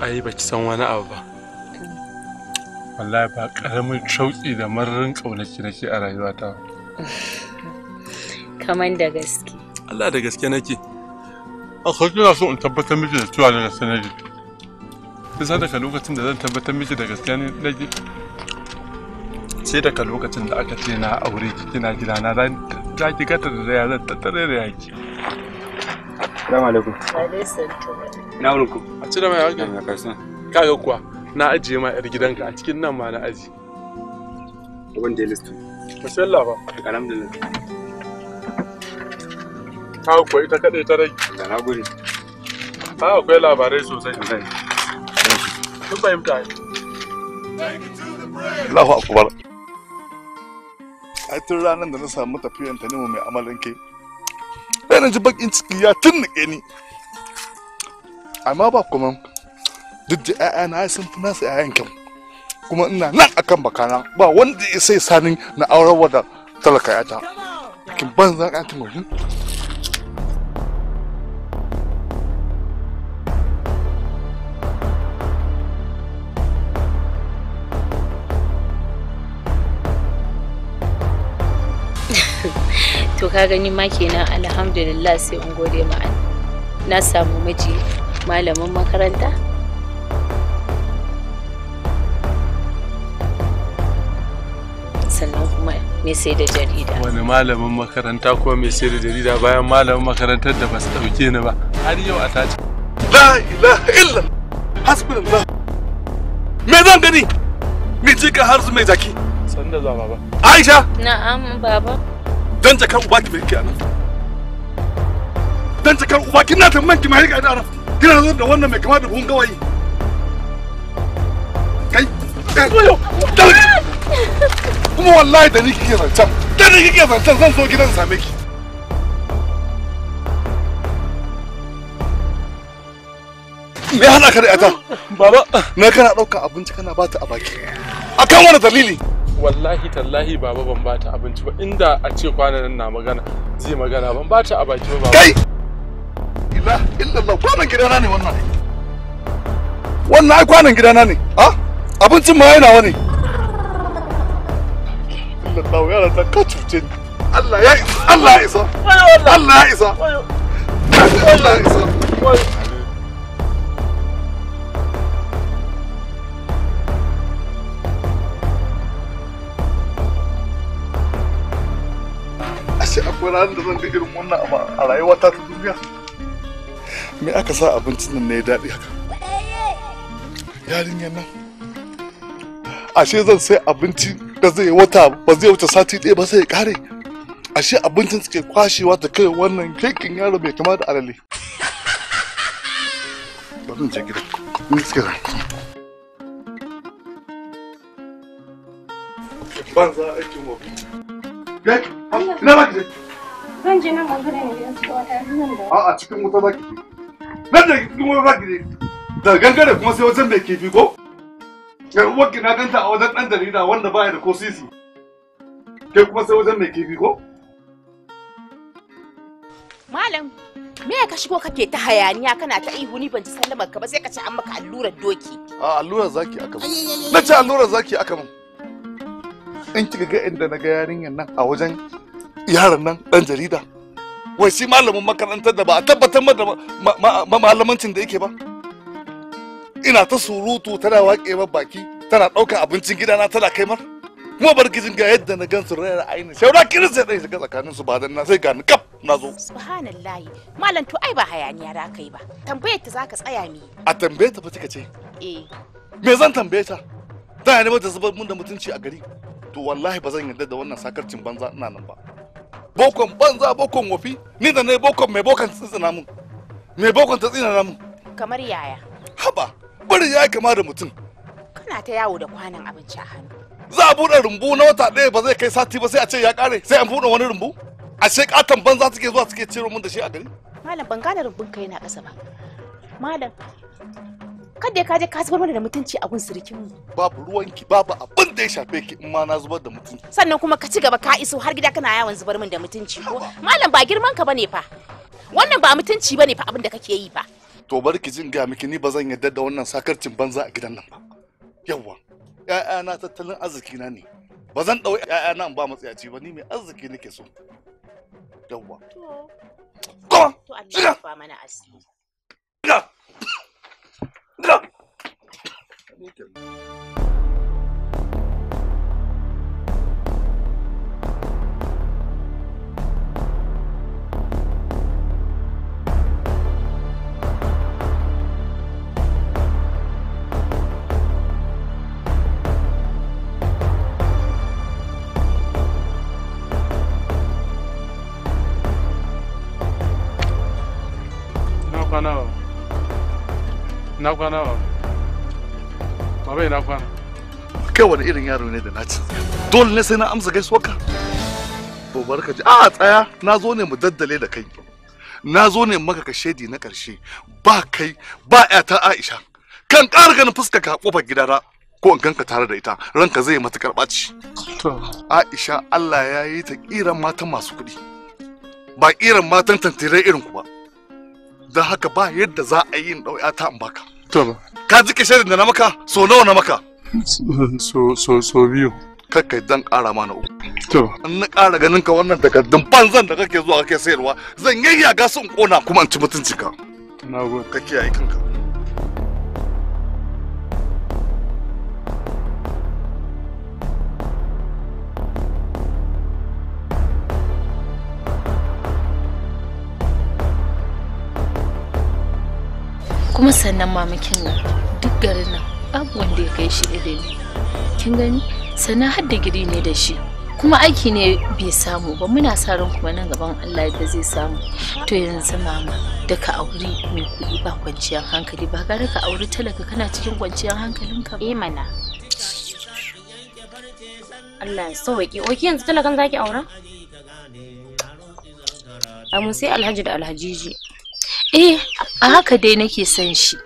ai baki san wani abu ba wallahi ba karamin shauki da marrin ƙaunaki nake a rayuwata kaman da gaske Allah da gaske nake akwai na so in tabbatar miki da cewa da gaske nake sai daga lokacin da zan tabbatar miki da gaske nake sai daga lokacin da aka ce na aure ki kina gida na za ki gata da zai zan tattare da yaki Assalamu alaikum. Wa alaikum salam. na wurin ku a cire mai haka na k'a kaga kuwa na ajiye ma yar gidanka a cikin nan ma na aji abin da ya listu mashallah ba alhamdulillah kawo kuwa ita kadai ta rage da na gode ha akwai labarai sosai kun fahimta Allahu akbar ai tun ranar da na samu tafiyan ta nemo mai amalin ke ɗaya na ji bakin ciki ya tun ni amma ba kuma duk da na sun fi nasu 'ya'yan kyau kuma ina nan akan bakana ba wanda ya sai sanin na auren wadda talaka yata kin ban banzan antin wajen to ka gani ma kenan alhamdulillah sai in gode ma na samu miji malamin makaranta sannan kuma mai sai da jarida wani malamin makaranta kuma mai sai da jarida bayan malamin makarantar da ba su dauke ni ba har yau a tace la ilaha illa hasbunallah me zan gani ni ji ka har su mai zaki san da zama ba aisha na'am baba dan kan uba ki bai ki anan ta kan uba ki na man ki mai ga anan kina zo da wannan mai kama da buhun gawayi kai kuma wallahi da ni kike zancen da ni kike zancen zan zo gidan same ki me hana ka da ita baba na kana ɗauka abinci kana bata a baki akan wani dalili wallahi tallahi baba ban bata abinci ba inda a ce kwanan nan na magana zai magana ban bata a baki ba baba kai illallah illallah kwanan gidana ne wannan wannan ai kwanan gidana ne a abincin ma yana wani illallah yara ta ka cuce ni Allah ya isa Allah ya isa Allah ya isa Allah ya isa sai akwai ranar da zan ga irin wannan a rayuwata ta duniya me aka sa abincin nan ne daɗi haka yarinyar nan ashe zan sai abinci da zai wata ba zai wuce sati ɗaya ba sai ya ƙare ashe abincin suke kwashewa ta kai wannan kekin yaro mai kama da alale bari in je gida in suke da ban za aikin wofi ina ba ki je zan je nan a gudu ne da wata zan da a cikin wuta ba ki je nan da kuma za ne, da gangare kuma sai wajen mai kifi ko yawon eh, ki na ganta a wajen ɗan jarida wanda baya da ko sisi ke kuma sai wajen mai kifi ko malam me ka shigo kake ta hayaniya kana ta ihu ni ban ji sallamar ka ba sai ka ce an maka allurar doki a allurar zaki aka mun na ce allurar zaki aka mun in kika ga inda na ga yarinyar nan a wajen yaran nan ɗan jarida wai shi malamin makarantar da ba a tabbatar ma malamancin da yake ba ina ta surutu tana waƙe mar baki tana ɗaukar abincin gidana tana kai mar kuma barkijin ga yadda na gan su rayar aini shaura kirin sai dai shiga tsakanin su ba dan na sai ni kap na zo subhanallahi malam to ai ba hayaniya da kai ba tambayar ta zaka tsaya mi a tambaye ta fa kika ce eh me zan tambaye ta da ne mata zubar mun da mutunci a gari to wallahi ba zan yarda da wannan sakarcin banza ina nan ba bokon banza bokon wafi ni da ne bokon mai bokon tsintsina mun mai bokon ta tsina mun kamar yaya haba bari ya kama da mutum kana ta yawo da kwanan abinci a hannu za a buɗe rumbu na wata ɗaya ba zai kai sati ba sai a ce ya ƙare sai an buɗe wani rumbu a ce katon banza suke zuwa suke ciro mun da shi a gari malam ban gane rumbun kai na ƙasa ba malam kada ka je ka zubar mana da mutunci a gun surikin mu babu ruwanki babu abin da ya shafe ki in ma na zubar da mutunci sannan kuma ka ci gaba ka iso har gida kana yawan zubar min da mutunci ko malam ba girman ka bane fa wannan ba mutunci bane fa abin da kake yi fa to bar ki jin ga miki ni ba zan yarda da wannan sakarcin banza a gidan nan ba yawwa ƴaƴana tattalin arziki na ne ba zan ɗau ƴaƴana in ba matsayaci ba ni mai arziki nake so yawwa to to Allah ba mana asiri Thank na kwana ba baba ina kwana kai wani irin yaro ne da na ci dole ne sai na amsa gaisuwa soka. to barka ji a tsaya na zo ne mu daddale da kai na zo ne maka ka shaidi na karshe ba kai ba ta Aisha kan ƙara ganin fuska ka kofar gidana ko in ganka tare da ita ranka zai matukar ɓaci Aisha Allah ya yi ta kiran matan masu kuɗi ba kiran matan tantirai irin ku ba don haka ba yadda za a yi in ɗau ta in baka to ka ji kishirin da na maka so nawa na maka so so so biyu kakkai dan ƙara mana uku to an na ƙara ganin ka wannan takardun banzan da kake zuwa kake sayarwa zan yayyaga sun kona kuma in ci mutunci ka na gode ka kiyaye kanka kuma sannan mamakin nan duk garin nan babu wanda ya kai shi ilimi kin gani sannan har da gidi ne da shi kuma aiki ne bai samu ba muna sa ran kuma nan gaban Allah da zai samu to yanzu mama daga aure auri mai kuɗi ba kwanciyar hankali ba gara ka auri talaka kana cikin kwanciyar ka eh mana Allah ya sauke waki yanzu talakan zaki aura amma sai Alhaji da Alhajiji eh a haka dai nake son shi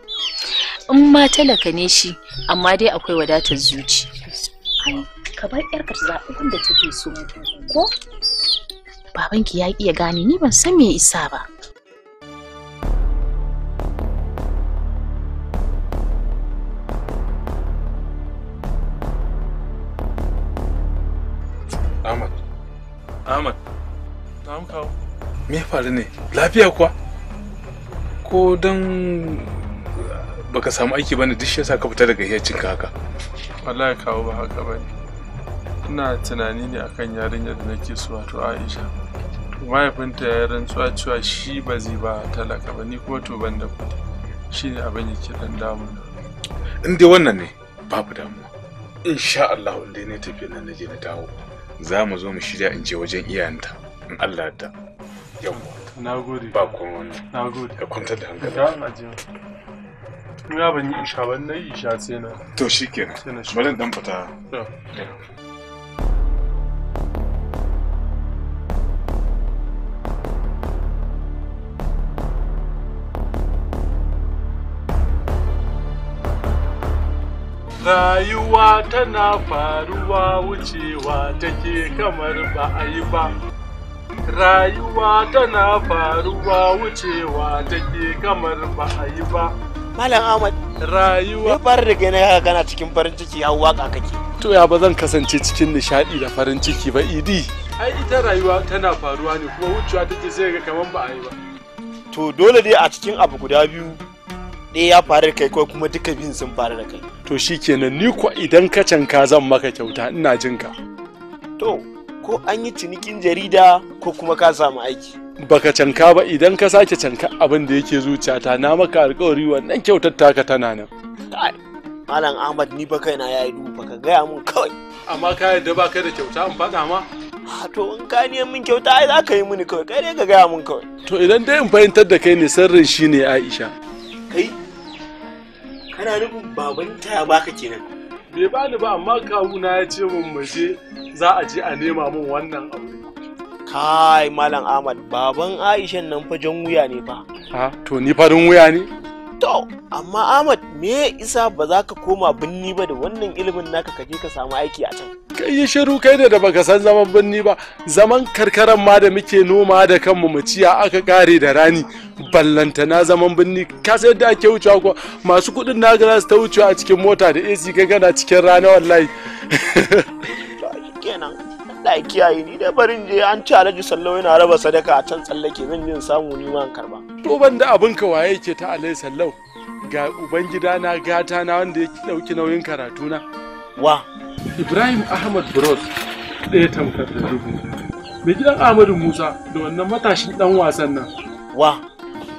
in ma talaka ne shi amma dai akwai wadatar zuci ka bar yarka ta zaɓi da take so ko babanki ya iya gane ni ban san me isa ba Ahmad. Ahmad. Na kawo. Me ya faru ne? Lafiya kuwa? ko don baka samu aiki bane duk shi yasa ka fita daga hiyacin ka haka wallahi kawo ba haka bane ina tunani ne akan yarinyar da nake so wato Aisha mahaifinta ya rantsuwa cewa shi ba zai ba talaka ba ni kuma to ban da kuɗi ne abin ya yake dan damuna in dai wannan ne babu damuwa insha Allah in dai ne tafi nan naje na dawo za mu zo mu shirya in je wajen iyayenta in Allah ya yarda na gode ba na gode ka kwanta da hankali ka ya ban yi isha ban na yi isha sai na to bari dan fita Rayuwa tana faruwa wucewa take kamar ba a yi ba. rayuwa tana faruwa wucewa take kamar ba a yi ba malam ahmad rayuwa fara da ya gana cikin farin ciki ya waka kake to ya ba zan kasance cikin nishadi da farin ciki ba idi ai ita rayuwa tana faruwa ne kuma wucewa take sai ga kamar ba a yi ba to dole dai a cikin abu guda biyu ɗaya ya faru da kai ko kuma duka biyun sun faru da kai to shikenan ni kuwa idan ka canka zan maka kyauta ina jinka to ko an yi cinikin jarida ko kuma ka samu aiki baka canka ba idan ka sake canka abin da yake zuciyata na maka alkawari wannan kyautar taka tana nan malam ahmad ni baka kaina ya yi duba ka gaya mun kawai amma ka yadda ba kai da kyauta in faɗa ma to in ka niyan min kyauta ai za ka yi mini kawai kai dai ka gaya mun kawai to idan dai in fahimtar da kai ne sirrin shi ne aisha kai kana nufin baban taya baka kenan bai ni ba amma kawuna ya ce mun maje za a je a nema mun wannan aure kai malam ahmad baban aishan nan fa jan wuya ne fa ha to ni farin wuya ne to amma ahmad me ya isa ba za ka koma binni ba da wannan ilimin naka kaje ka samu aiki a can kai yi shiru kai da ba ka san zaman binni ba zaman karkaran ma da muke noma da kanmu mu ciya aka kare da rani ballanta na zaman binni ka sai yadda ake wucewa ko masu kudin na ga su ta wucewa a cikin mota da AC kai kana cikin rana wallahi kenan Allah ya kiyaye ni da barin je an ci Alhaji Sallau yana raba sadaka a can tsallake min yin samu ni ma karba to ban da abin ka waye ke ta alai Sallau ga ubangida na gata na wanda ya dauki nauyin karatu na wa Ibrahim Ahmad Bros ɗaya tamkar da dubu mai gidan Ahmadu Musa da wannan matashin dan wasan nan wa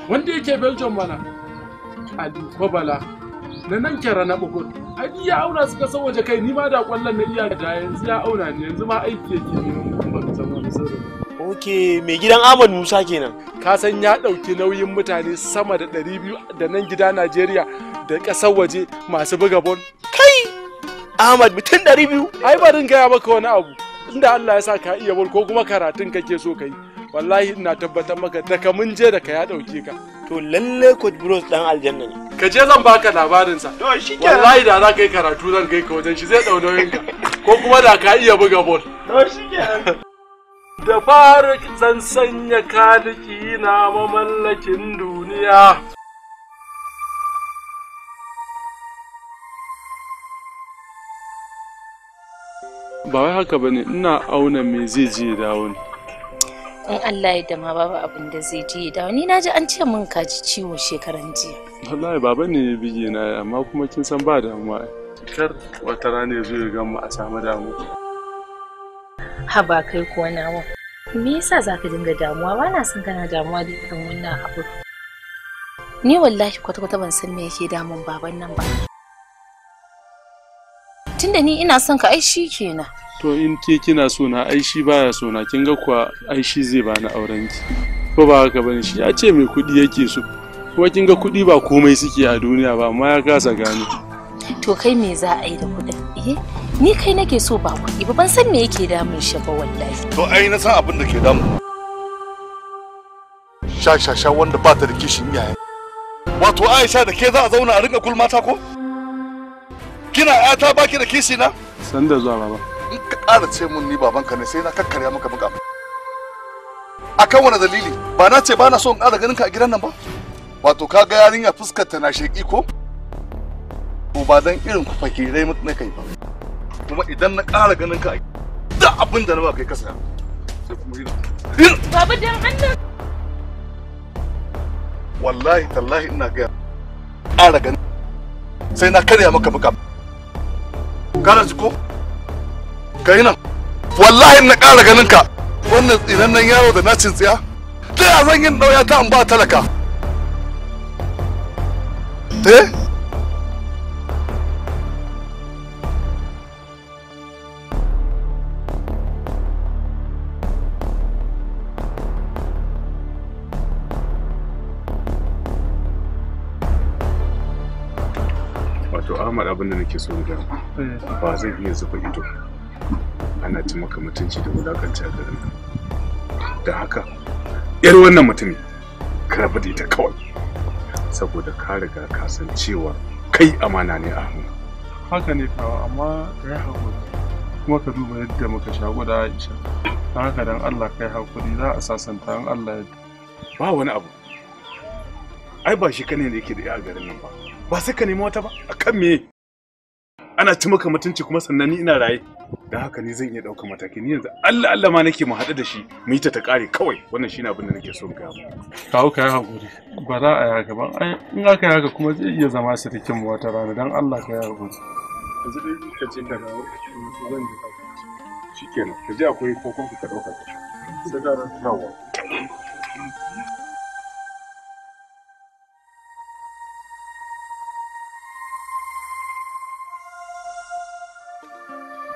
wanda yake Belgium mana Ali Kobala na nan kera na bugun ai ya auna suka san waje kai ni ma da kwallon na iya da yanzu ya auna ni yanzu ma aiki yake ne ban san wani sirri ok mai gidan Ahmad Musa kenan ka san ya ɗauki nauyin mutane sama da 200 da nan gida Najeriya da ƙasar waje masu buga bon kai Ahmad mutum 200 ai barin gaya maka wani abu inda Allah ya sa ka iya bol ko kuma karatun kake so ka yi wallahi ina tabbatar maka daga mun je ka ya dauke ka to lalle coach bros dan aljanna ne ka je zan baka labarin sa to ke wallahi da za ka yi karatu zan kai ka wajen shi zai dau nauyin ka ko kuma da ka iya buga ball to ke da zan sanya kaliki na mamallakin duniya ba wai haka bane ina auna me zai je dawo ne in Allah ya dama babu abin da zai je da ni na ji an ce mun ka ji ciwo shekaran jiya wallahi baba ne ya bige na amma kuma kin san ba damuwa kar wata rana ya zo ya a samu damuwa. ha ba kai kuwa nawa me yasa zaka dinga damuwa ba na san kana damuwa da irin wannan abu ni wallahi kwata-kwata ban san me yake damun baban nan ba tunda ni ina son ka ai shi kenan to in ke kina so na ai shi baya so na kin ga kuwa ai shi zai bani auren ki ko ba haka bane shi ya ce mai kuɗi yake so kuma kin ga kuɗi ba komai suke a duniya ba amma ya kasa gano to kai me za a yi da kuɗin eh ni kai nake so ba kuɗi ba ban san me yake damun shi ba wallahi to ai na san abin da ke damun sha sha sha wanda ba ta da kishin iyaye wato aisha da ke za a zauna a rinka kulmata ko kina yata baki da kishi na san da zuwa baba in ka ƙara ce mun ni babanka ne sai na kakkarya maka muka akan wani dalili ba na ce ba na so in ƙara ganin ka a gidan nan ba wato ka ga yarinya fuskar ta na sheƙi ko ko ba dan irin ku fakirai na kai ba kuma idan na ƙara ganin ka da abin da na ba kai kasa sai kuma yi Baba dan Allah wallahi tallahi ina ga ƙara ganin sai na karya maka muka kana ji ko kai nan wallahi na ƙara ganin ka wannan tsinannen yaro da na cin tsiya ta ya zan yin ɗauya ta an ba talaka eh Ahmad abin da nake so ga ba zan iya zuba ido ana ci maka mutunci da wulakanci a garin da haka yar wannan mutumin ka ta da kawai saboda ka riga ka san cewa kai amana ne a hannu haka ne kawo amma kai hakuri kuma ka duba yadda muka sha guda aisha don haka dan allah kai hakuri haƙuri za a sasanta in allah yadda ba wani abu ai ba shi kane da yake da a garin nan ba ba sai ka nemi wata ba A kan me ana ci maka mutunci kuma sannan ni ina raye dan haka ni zan iya ɗaukar mataki ni yanzu Allah Allah ma nake mu haɗu da shi mu yi ta ta ƙare kawai wannan shine abin da nake so ga kawo ka yi hakuri ba za a yi gaban in aka yi haka kuma zai iya zama sirikin mu wata rana dan Allah ka yi hakuri yanzu dai lokacin da zan ji kenan ka ji akwai kokon ka ɗauka ka sai da rawa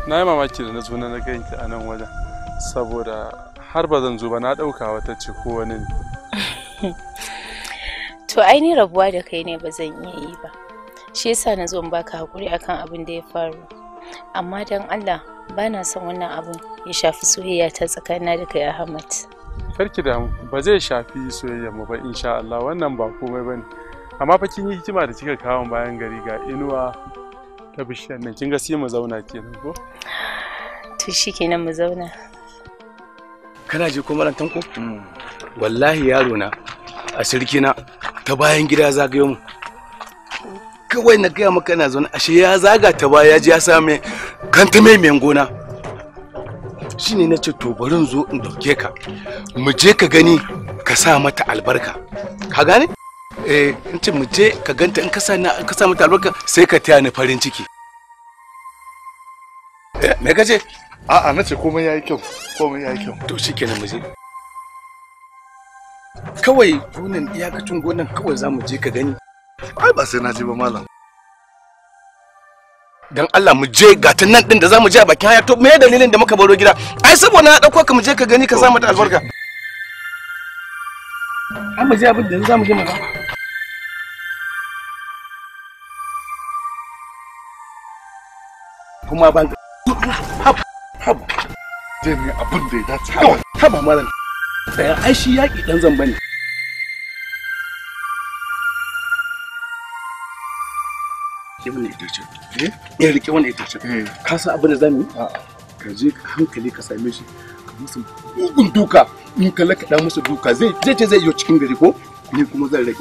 na yi mamaki da na zo na ganki a nan wajen saboda har ba zan zo ba na ɗauka wata ce ko wani ne to ai ni rabuwa da kai ne ba zan iya yi ba shi yasa na zo in baka hakuri akan abin da ya faru amma dan Allah ba na son wannan abin ya shafi soyayya ta tsakanina da kai Ahmad karki damu ba zai shafi soyayya mu ba insha Allah wannan ba komai bane amma fa kin yi hikima da kika kawo bayan gari ga inuwa ta bishiyar nan kin ga sai mu zauna kenan ko to shikenan mu zauna kana je ko marantan ko wallahi yaro na a sirki na ta bayan gida zagayo mu kawai na gaya maka na zaune ashe ya zaga ta baya ya ji ya same kanta mai mai gona shine na ce to bari zo in dauke ka mu je ka gani ka sa mata albarka ka gane eh in ce mu je ka ganta in ka sa ni ka sa mata albarka sai ka taya ni farin ciki eh me ka ce a'a na ce komai yayi kyau komai yayi kyau to shikenan mu je kawai gonan iyakacin gonan kawai za mu je ka gani ai ba sai na je ba malam dan Allah mu je ga ta nan din da zamu je a bakin haya to me dalilin da muka baro gida ai saboda na dauko ka mu je ka gani ka samu ta albarka ai mu je abin da zamu je mu kuma ban hab hab ne abin da ya dace haba malam ai shi yaƙi dan zamba ne rike wannan itacen eh, eh rike wannan eh. ka san abin da shi ka musu bugun duka in ka lakaɗa musu duka zai zai ce zai yi cikin gari ko ni kuma zan rage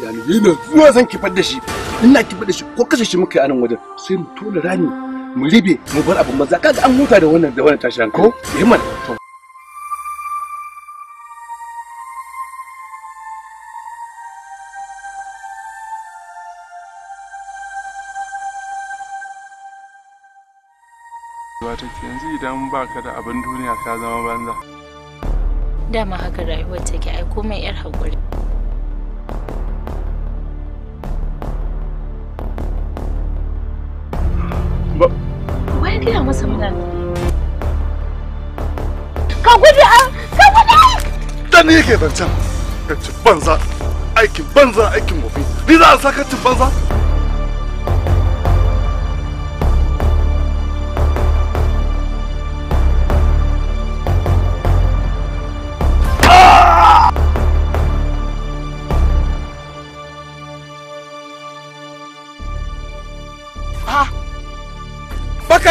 ni zan kifar da shi ina kifar da shi ko kashe shi muka yi a nan wajen sai mu tona mu ribe mu bar abin banza kaga an huta da wannan da wannan tashin ko himman to Wata yanzu idan baka da abin duniya ka zama banza. Dama haka rayuwar take ai komai 'yar hakuri. ka gaya masa mana ka gudu ah, ka gudu dan ne yake zancen ka ci banza aikin banza aikin gobe ni za a ka ci banza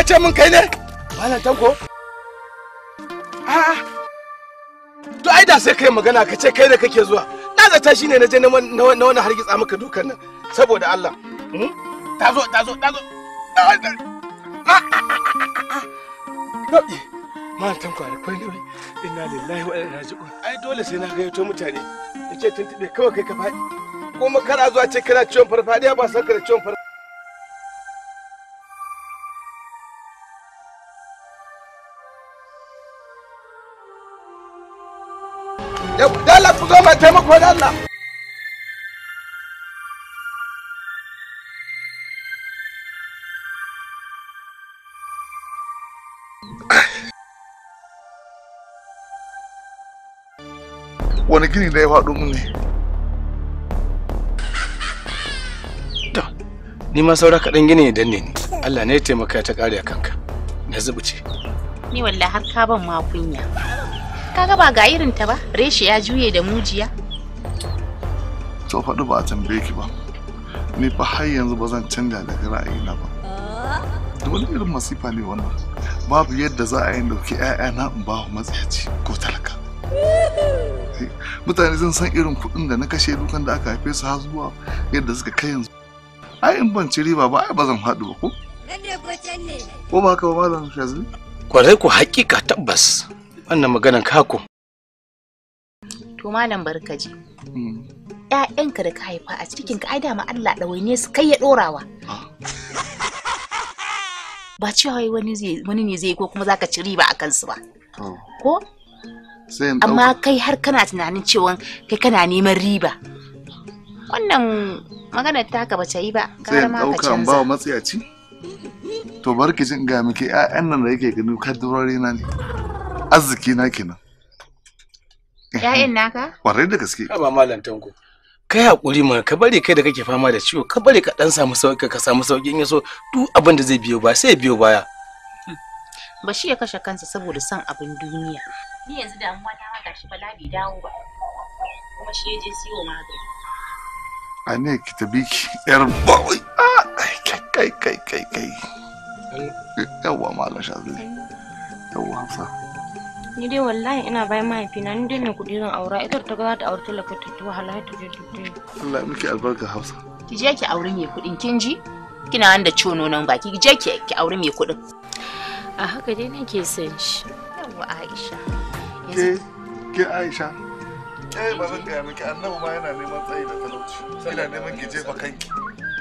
ce min kai ne malam tanko a'a to ai da sai kai magana ka ce kai da kake zuwa na zata shi ne na je na wani hargitsa maka dukan nan saboda Allah hmm? ta zo ta zo ta zo nau'i ah, ah, ah, eh, malam tanko akwai nauyi inna lillahi wa inna raji'un ai dole sai na gayyato mutane in ce tuntube kawai kai ka faɗi ko makara zuwa ce kana ciwon farfadiya ba san ka da ciwon farfadiya ko da Allah wani gini da ya faɗo mun ne ni ma saura kaɗan gini dan ne ni Allah ne ya taimaka ta ƙare a kanka na zubuce ni wallahi har ka ban ma kunya ka ba ga irinta ta ba reshe ya juye da mujiya to faɗi ba a tambaye ki ba ni fa har yanzu ba zan canja daga ra'ayina ba da wani irin masifa ne wannan babu yadda za a yi ɗauki na in ba matsayaci ko talaka mutane zan san irin kuɗin da na kashe dukan da aka haife su har zuwa yadda suka kai yanzu ai in ban ci riba ba ai ba zan haɗu ba ko ko ba ka ba malam shazili kwarai ku hakika tabbas wannan maganan kako to malam barkaji hmm. ƴaƴanka da ka haifa a cikin ka ai dama Allah ne su kai ya ɗorawa ah. ba cewa wai wani ne zai ko kuma zaka ci riba a kansu ba ah. ko amma kai har kana tunanin cewa kai kana neman riba wannan maganar ta ka bace yi ba sai ma ka an ba matsiyaci to bar ki jin ga miki ƴaƴan nan da yake gani kadurori na ne arziki na kenan ƴaƴan eh, naka kwarai da gaske ba malam tanko kai hakuri mana ka bari kai da kake fama da ciwo ka bari ka dan samu sauki ka samu sauki in yaso duk abin da zai biyo ba sai biyo baya hmm. ba shi ya kashe kansa saboda son abin duniya ni yanzu damuwa ta haka shi bala bai dawo ba kuma shi ya je siyo magani a ne ki tabi ki yar bawai ah, kai kai kai kai yawwa malam shazili yawwa hamsa ni dai wallahi ina bayan mahaifina ni dai mai kuɗi zan aura ita ta ga za ta aure talaka ta tuwa wahala ta je ta Allah ya miki albarka Hausa ki je ki aure mai kuɗin kin ji kina wanda da cono nan baki ki je ki aure mai kuɗin a haka dai nake son shi Yawwa Aisha ke ke Aisha eh ba zan ga miki annabi ma yana neman tsayi da talauci ina neman ki jefa kanki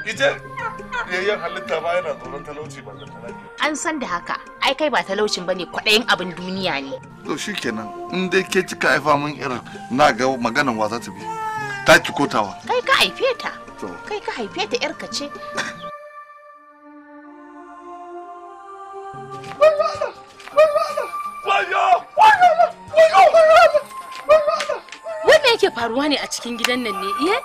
Ita eh, yayyan halitta ba yana tsoron talauci ba An san da haka, ai kai ba talaucin bane kwaɗayin abin duniya ne. To shi kenan, in dai ke cika haifa min irin na ga maganan wa za ta bi. Ta ki kotawa. Kai ka haife ta. Kai ka haife ta yarka ce. Wai me yake faruwa ne a cikin gidan nan ne? Iye?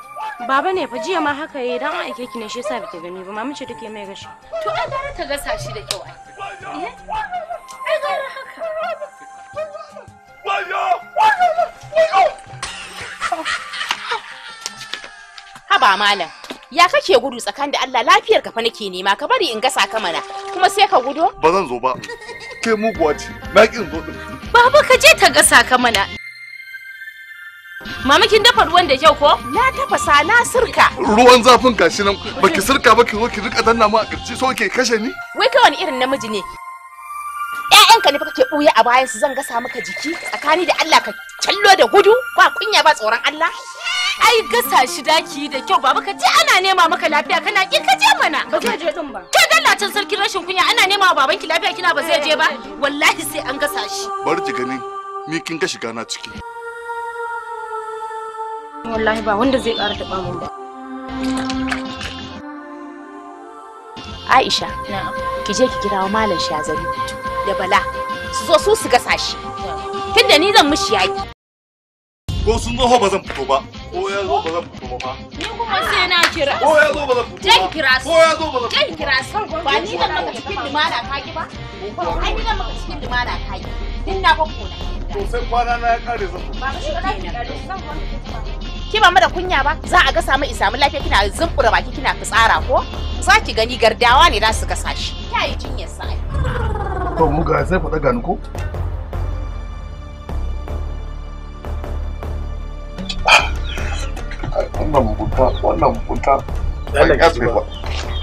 Baba ne fa jiya ma haka yayi dan aike ki ne shi yasa bike gani ba mamace take mai gashi. To ai gara ta gasa shi da kyau ai. Eh? Ai gara haka. Wayo! Wayo! Wayo! Haba malam. Ya kake gudu tsakan da Allah lafiyar ka fa nake nema ka bari in gasa ka mana kuma sai ka gudu? Ba zan zo ba. Kai muguwa ce. Na ki zo din. Baba ka je ta gasa ka mana. Mama kin dafa ruwan da kyau ko? Na tafasa na sirka. Ruwan zafin gashi nan baki sirka ba ki zo ki rika danna mu a kirji so ke kashe ni? Wai kai wani irin namiji ne? ka ne fa kake buya a bayan su zan gasa maka jiki tsakani da Allah ka callo da gudu ba kunya ba tsoron Allah. Ai gasa shi daki da kyau baba ka ji ana nema maka lafiya kana kin ka je mana. Ba zai je din ba. Ka can sarkin rashin kunya ana nema wa babanki lafiya kina ba zai je ba wallahi sai an gasa shi. Bari ki gani ni kin ga shiga na ciki. wallahi ba wanda zai ƙara taɓa mun ba Aisha ki je ki kirawo malam Shazali da Bala su zo su su gasa shi tunda ni zan mishi yaki ko sun zo ba zan fito ba ko ya zo ba zan fito ba ni kuma sai na kira ko ya zo ba zan fito ba kira ko ya zo ba zan fito ba kira su ba ni zan maka cikin limana ka ki ba ai ni zan maka cikin limana ka ki din na ba ko na to sai kwana na ya kare zan ba shi na kare zan ba ki ba da kunya ba za a ga samu isa samu lafiya kina zumbura baki kina fitsara ko za ki gani gardawa ne za su gasa shi ya yi jinyar sa to mu ga sai faɗa gani ko wannan mugunta wannan mugunta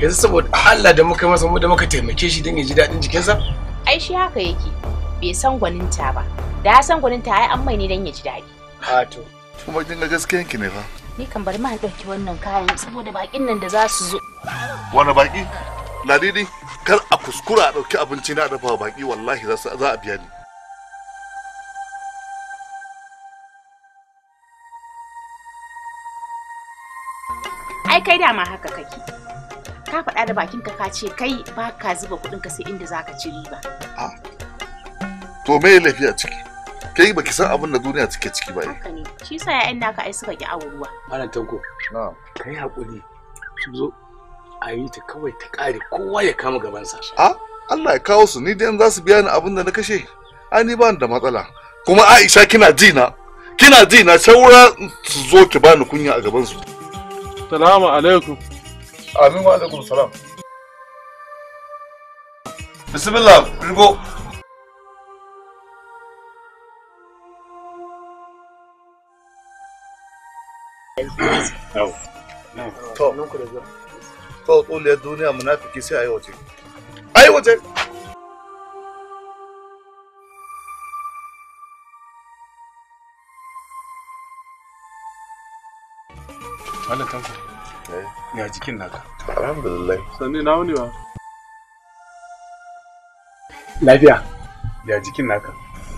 yanzu saboda Allah da muka masa mu da muka taimake shi don ya ji daɗin jikinsa ai shi haka yake bai san gwaninta ba da ya san gwaninta ai an mai ne don ya ji daɗi a ah, to kuma kin ga gaskiyan ki ne fa ni kan bari ma dauki wannan kayan saboda bakin nan da za su zo wani baki ladidi kar a kuskura a dauki abinci na dafa baki wallahi za a biya ni ai kai dama haka kake ka faɗa da bakinka ka ka ce kai ba ka zuba ka sai inda za ka ci riba ah. to me laifi a ciki kai baki san abin da duniya take ciki ba eh shi yasa ya'yan naka ai suka ki awo ruwa ana tanko na'am kai hakuri su zo a yi ta kawai ta kare kowa ya kama gabansa a Allah ya kawo su ni dai za su biya ni abin da na kashe ai ni ba ni da matsala kuma Aisha kina ji na kina ji na saura su zo ki bani kunya a gaban su salamu alaikum amin wa alaikum salam bismillah rigo to tsoliyar duniya munafiki sai a waje a yi waje Allah tanko. Ya jikin naka. Alhamdulillah. Sanni na ba. Lafiya. Ya jikin naka.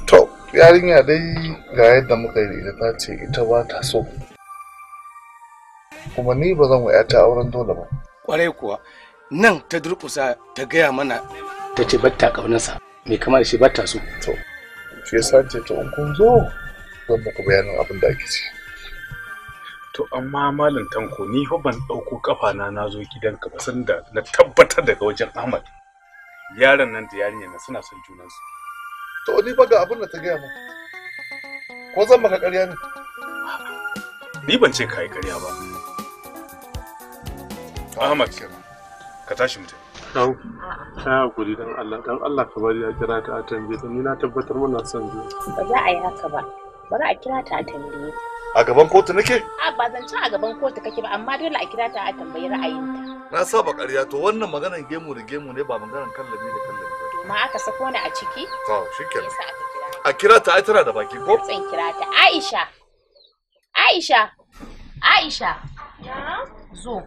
To, yarinya dai ga yadda muka yi da ta ce ita ba ta so. kuma ni ba zan waya ta auren dole ba kwarai kuwa nan ta durkusa ta gaya mana ta ce batta kaunarsa mai kama da shi batta so to shi ya ce ta in kun zo zan muku bayanin abin da ake ci to amma malam tanko ni fa ban dauko kafa na na zo gidanka ba san da na tabbatar daga wajen Ahmad yaran nan da yarinya na suna son junansu to ni ba ga abin da ta gaya ma, ko zan maka ƙarya ne ni ban ce kai ƙarya ba Ahmad ka tashi mutum. Ɗan ta hakuri don Allah don Allah ka bari a kira ta a tambaye ta ni na tabbatar muna son zuwa. Ba za a yi haka ba. Bari a kira ta a tambaye A gaban kotu nake? A ba zancen a gaban kotu kake ba amma dole a kira ta a tambayi ra'ayinta. Na saba ƙarya to wannan maganar gemu da gemu ne ba maganar kallabi da kallabi ba. Ma aka sako ni a ciki? To shikenan. A kira ta ai tana da baki ko? Zan kira ta Aisha. Aisha. Aisha. Zo.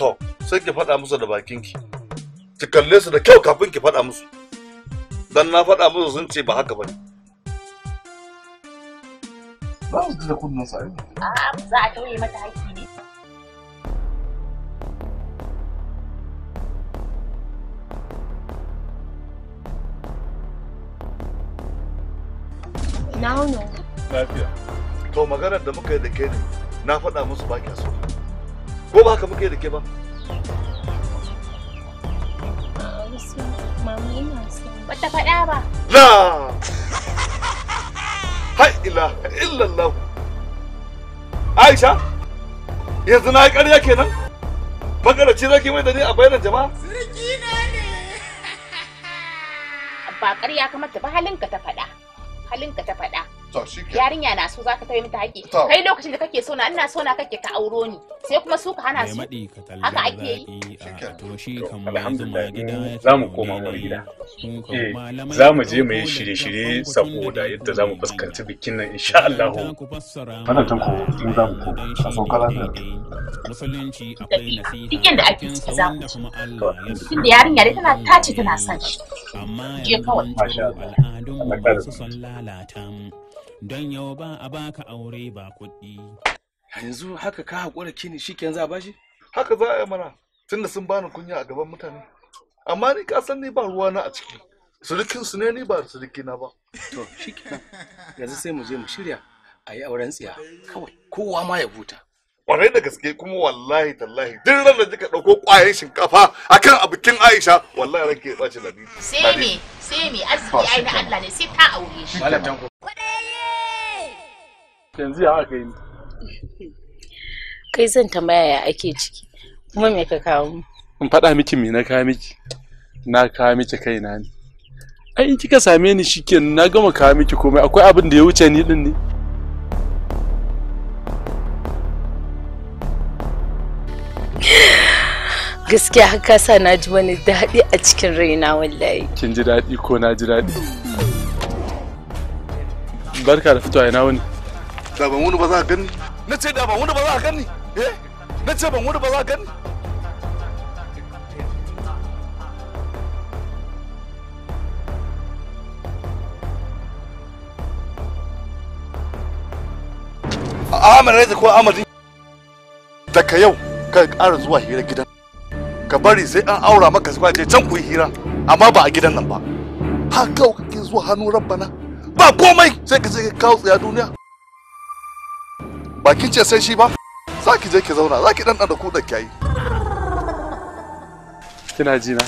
to sai ki faɗa musu da bakinki ki kalle su da kyau kafin ki faɗa musu dan na faɗa musu sun ce ba haka bane ba su da kudin sa a za a tauye mata haƙƙi ne Na Lafiya. To maganar da muka yi da kai ne, na faɗa musu bakin so. ko ba haka muka yi da ke ba Bata faɗa ba. La! Hai ilaha illallah. Aisha, yanzu na yi ƙarya kenan? Bakarace zaki mai da ni a bayanan jama'a? Sirki na ne. Ba ƙarya kamata ba halinka ta faɗa. Halinka ta faɗa. Yarinya na so za ka taɓa mata haƙƙi. Kai lokacin da kake so na ina so na kake ka auro ni. sai kuma su hana su haka ake yi za mu koma mu gida eh, za mu je mu yi shirye-shirye saboda yadda za mu fuskanci bikin nan insha Allah za mu a da nasiha ake ciki za mu ci tunda yarinya dai tace tana shi je kawai masha Allah don yau ba a baka aure ba kuɗi yanzu haka ka haƙura kini shi ke za a bashi haka za a yi mana tunda sun bani kunya a gaban mutane amma ni ka san ni ba ruwa na a ciki surukin su ne ni ba da na ba to shi ke yanzu sai mu je mu shirya a yi auren tsiya kawai kowa ma ya huta kwarai da gaske kuma wallahi tallahi duk ran da kika dauko kwayan shinkafa akan abikin Aisha wallahi ran ke tsaci da ni sai me sai me arziki ai da Allah ne sai ta aure shi malam yanzu ya aka yi Kai zan tambaya ya ake ciki, kuma me ka kawo mu? In faɗa miki me na kawo miki, na kawo miki kaina ne. Ai in kika same ni shikenan na gama kawo miki komai akwai abin da ya wuce ni din ne. gaskiya haka sa na ji wani daɗi a cikin raina wallahi kin ji daɗi ko na ji daɗi barka da fitowa ina wani da ban wani ba za ka gani na ce da ban wani ba za ka gani eh na ce ban wani ba za ka gani Ahmad Reza ko Ahmad daga yau ka ƙara zuwa hira gidan ka bari sai an aura maka su ce can ku yi hira amma ba a gidan nan ba haka kake zuwa hannu rabbana ba komai sai ka sai ka kawo tsaya duniya ba kin ce sai shi ba za ki je ki zauna za ki ɗanɗana kuɗan yi. kina ji na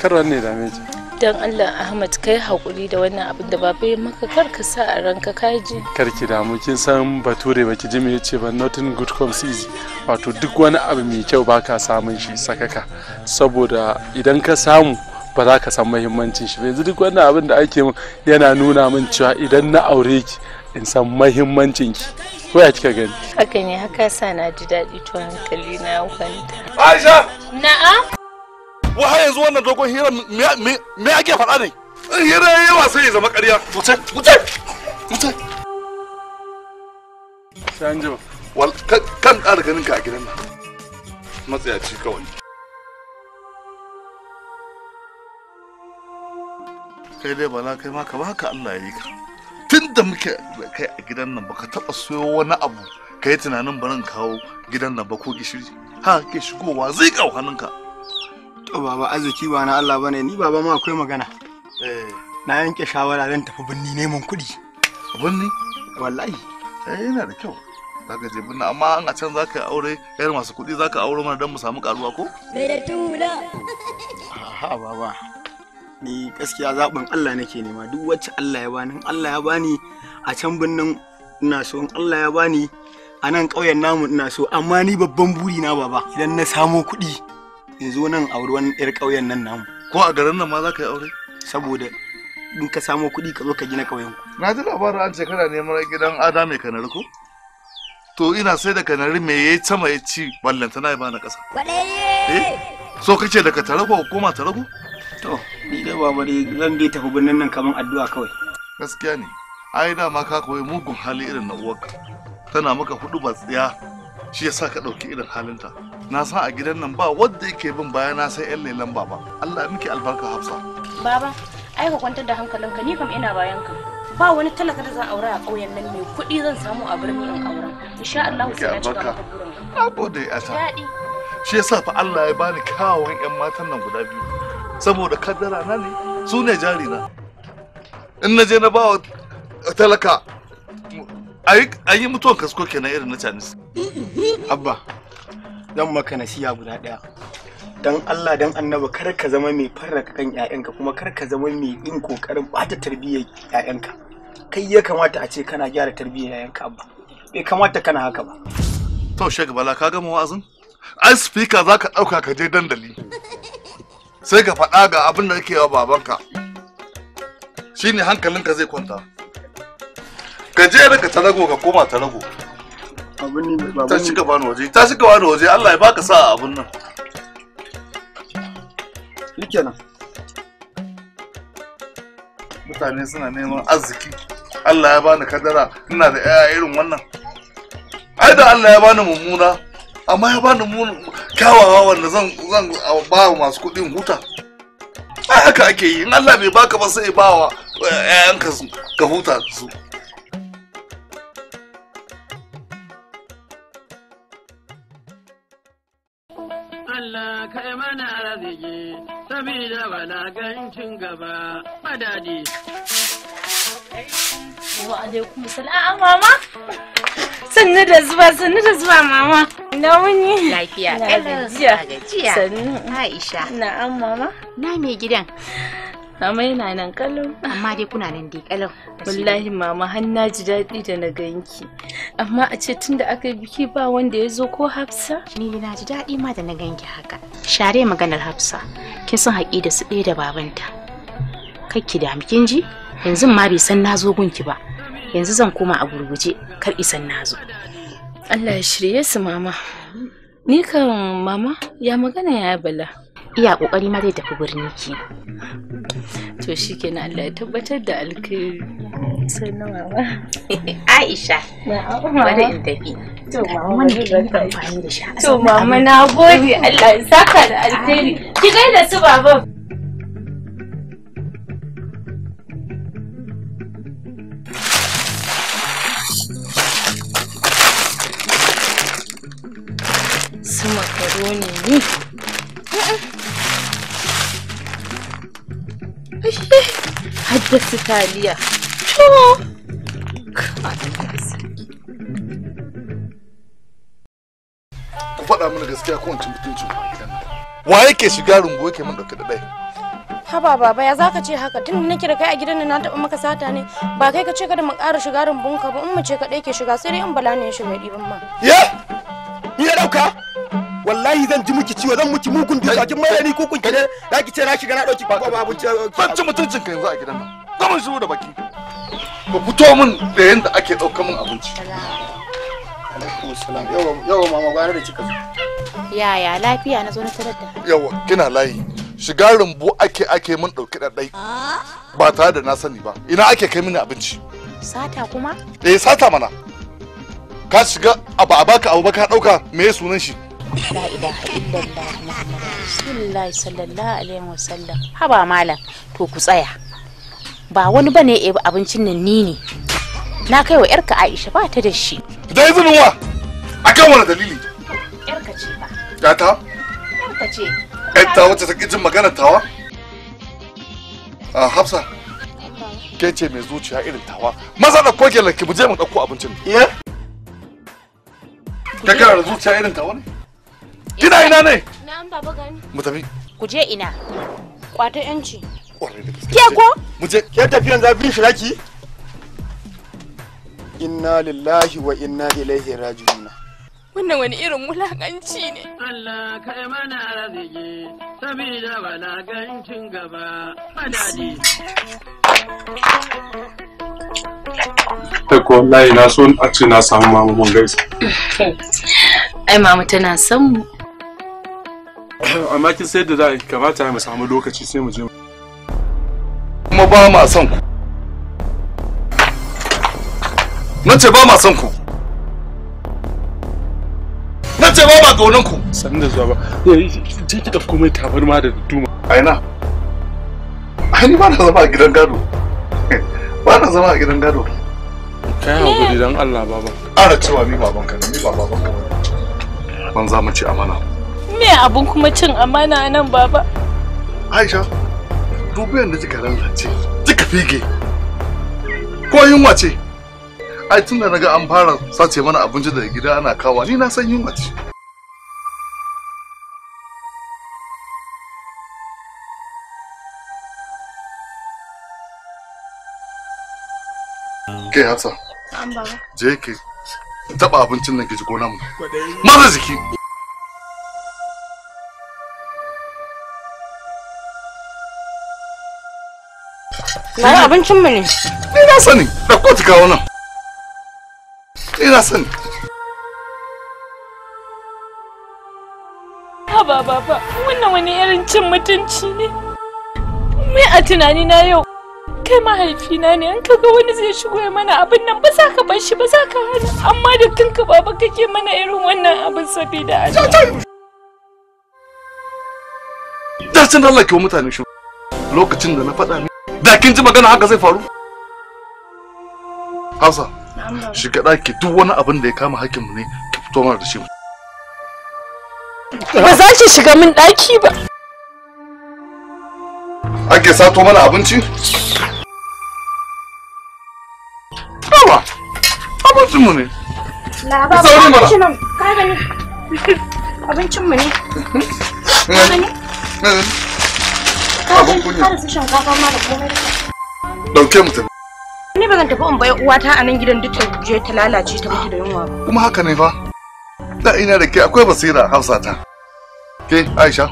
karar ne da meji dan Allah Ahmad kai hakuri da wannan abin da ba bai maka kar ka sa a ranka ka ji. kar ki damu kin san bature baki ji me yace ba nothing good comes easy wato duk wani abu mai kyau ba ka samun shi sakaka saboda idan ka samu ba za ka san muhimmancin shi ba yanzu duk wannan abin da ake yana nuna min cewa idan na aure ki in san mahimmancin ki ko ya kika gani haka ne haka sa na ji daɗi to hankali na kwanta Aisha na'am wa har yanzu wannan dogon hira me me ake faɗa ne in hira yawa sai ya zama ƙarya wuce wuce wuce Sanjo wal kan da ganin ka a gidan nan matsayaci kawai kai dai bala kai ma ka baka Allah ya yi ka da muke kai a gidan nan baka taba soyo wani abu ka yi tunanin barin kawo gidan nan ba ko gishiri ha ke shigowa zai kawo hannunka to baba arziki ba na Allah bane ni baba ma akwai magana eh na yanke shawara zan tafi binni neman kuɗi binni wallahi eh yana da kyau zaka je binni amma an a can zaka aure yar masu kuɗi zaka aure mana dan mu samu karuwa ko da tula ha baba ni gaskiya zaben Allah nake nema duk wacce Allah ya bani Allah ya bani a can binnin ina so in Allah ya bani a nan ƙauyen namu ina so amma ni babban buri na baba idan na samo kuɗi in zo nan a wani ɗan ƙauyen nan namu ko a garin nan ma za ka yi aure saboda in ka samo kuɗi ka zo ka gina ƙauyen ku na ji labarin an shekara neman gidan ada mai kanar ko to ina sai da kanari me yayi sama ya ci na ya na ƙasa eh? so kace da ka tarago ko kuma tarago to ni da baba dai zan bi tafi birnin nan kaman addu'a kawai gaskiya ne ai da ma ka koyi mugun hali irin na uwarka tana maka hudu ba tsiya shi yasa ka dauki irin halinta na san a gidan nan ba wanda yake bin baya na sai yan lelan baba Allah miki albarka Hafsa baba ai ka kwantar da hankalinka ni kam ina bayan ka ba wani talaka da zan aura a ƙauyen nan mai kuɗi zan samu a birni in aura insha Allah sai na cika maka burin ka gode ata shi yasa fa Allah ya bani kawon yan matan nan guda biyu saboda kaddara na ne su ne jari na in na je na ba talaka a yi mutuwan kasko kenan irin na canis abba zan maka nasiya guda daya don Allah don annaba karka ka zama mai farraka kan 'ya'yanka kuma karka ka zama mai yin kokarin bata tarbiyyar 'ya'yanka kai ya kamata a ce kana gyara tarbiyyar 'ya'yanka abba bai kamata kana haka ba to shek ka gama wa'azin ai speaker ka dauka ka je dandali sai ka faɗa ga abin da kake wa babanka shine hankalinka zai kwanta ka je ranka ta rago ka koma ta rago ta ci gaba ni waje ta ci gaba ni waje Allah ya baka sa abin nan shikenan mutane suna neman arziki Allah ya bani kadara ina da 'ya'ya irin wannan ai da Allah ya bani mummuna amma ya bani mun kyawawa wanda zan zan ba masu kuɗin huta ai haka ake yi in Allah bai baka ba sai ba wa eh, ƴaƴanka su ka huta su Allah kai mana arziki sabida gancin gaba madadi wa alaikum salam mama sannu da zuwa sannu da zuwa mama na wuni lafiya gajiya gajiya sannu aisha an mama na mai gidan mama yana nan kalau amma dai kuna nan dai kalau wallahi mama har na ji daɗi da na ganki amma a ce tunda aka yi biki ba wanda ya zo ko hafsa ni na ji daɗi ma da na ganki haka share maganar hafsa kin san haƙi da su ɗaya da babanta kakki da kin ji yanzu ma bai san na zo gunki ba yanzu zan koma a gurguje kar isan nazo Allah ya shirye su mama ni kan mama ya magana ya bala iya kokari ma zai tafi birni ke to shikenan Allah ya tabbatar da alkhairi na mama Aisha bari in tafi to mama da shi to mama na gode Allah ya saka da alkhairi ki gaida su baban Italiya. To! Ku faɗa mana gaskiya ko wancan mutuncin ku Wa yake shiga rungu yake mun ɗauke da Haba baba ya zaka ce haka tun nake da kai a gidan na taɓa maka sata ne ba kai ka ce kada mu ƙara shiga rumbun ka ba in mace shiga sai dai in bala ne ya shiga ɗiban ma. Ni ya ɗauka? wallahi zan ji miki ciwo zan miki mugun duka kin mai ni ko kun da ki ce na shiga na ɗauki ba a zaman shiru da baki ku fito min da yadda ake ɗauka min abinci yawa mama gwanar da kika yaya lafiya na zo na tarar da yawa kina layi shiga rumbu ake ake min ɗauki ɗaɗɗai ba tare da na sani ba ina ake kai mini abinci sata kuma eh sata mana ka shiga abu a baka abu baka ɗauka me sunan shi la ilaha illallah muhammadu rasulullahi sallallahu alaihi wasallam haba malam to ku tsaya ba wani bane ya abincin nan ni ne na kai wa yarka Aisha ba ta da shi da izinin wa akan wani dalili yarka ce ba ga ta yarka ce yarta wacce ta jin magana tawa a ah, Hafsa ke ce mai zuciya irin tawa maza da koke lanki mu je mu dauko abincin eh ka da zuciya irin tawa ne kina ina ne na'am baba gani mu tafi ku je ina kwato yanci Ke ko? Mu je ke tafiyan shiraki? Inna lillahi wa inna ilaihi raji'un. Wannan wani irin wulakanci ne. Allah yi mana arziki saboda gancin gaba madadi. Ta ko wallahi na so a ce na samu mamu mun gaisa. Ai mamu tana son mu. Amma kin sai da za a kamata mu samu lokaci sai mu je ba ma son ku na ce ba ma son ku na ce ba ma gaunan ku sanin da zuwa ba eh, je ki ɗauko mai tabarma da duma aina aini ba na zama a gidan gado ba na zama a gidan gado kai hakuri don Allah baba cewa ni baban ka ni ba baban ka ban za mu ci amana me abun kuma cin amana nan baba Aisha dubiyan da kika lalace kika fige ko yunwa ce ai na ga an fara sace mana abinci daga gida ana kawa ni na san yunwa ce ke hatsa je ke taba abincin nan ki ji gona mu maza jiki Na mu ne. Ni na sani, ɗauko ta kawo nan. Ni na sani. Haba ba wannan wani irin cin mutunci ne. Mai a tunani na yau, kai mahaifina ne, in kaga wani zai shigo ya mana abin nan ba za ka bar shi ba za ka hana, amma da kanka baba kake mana irin wannan abin sabida Allah. Darsin Allah ke wa mutane shi lokacin da na faɗa da kin ji magana haka zai faru Hausa shi shiga ɗaki duk wani abin da ya kama hakinmu ne ki fito mana da shi ba za ki shiga min ɗaki ba ake sato mana abinci yawa abincinmu ne sauri mana abincinmu ne eh. abin kunya har su dauke mu tafi ni ba zan tafi in bai uwata a nan gidan duk ta je ta lalace ta mutu da yunwa ba kuma haka ne fa da ina da ke akwai basira Hausa ta ke aisha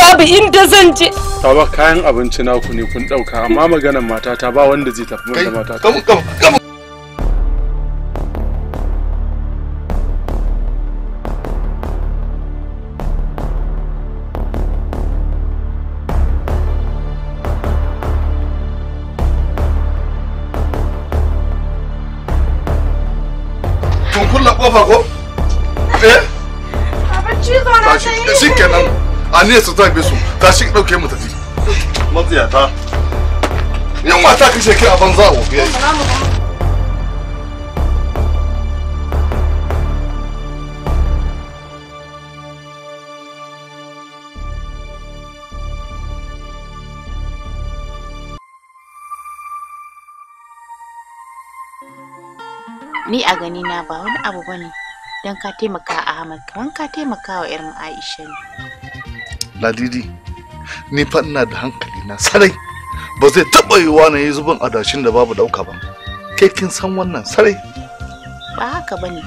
babu inda zan je ta kayan abinci naku ne kun dauka amma maganar matata ba wanda zai tafi da matata kafa ko? Eh? Abin cizo na ta A ne su zabe su. Ka shi dauke tafi. Yan mata kashe a banza a ni a gani na ba wani abu bane dan ka taimaka a Ahmad kaman ka taimaka wa irin Aisha ne Ladidi ni fa ina da hankali na sarai ba zai taba yi wa yi zubin adashin da babu dauka ba Ke kin san wannan sarai ba haka bane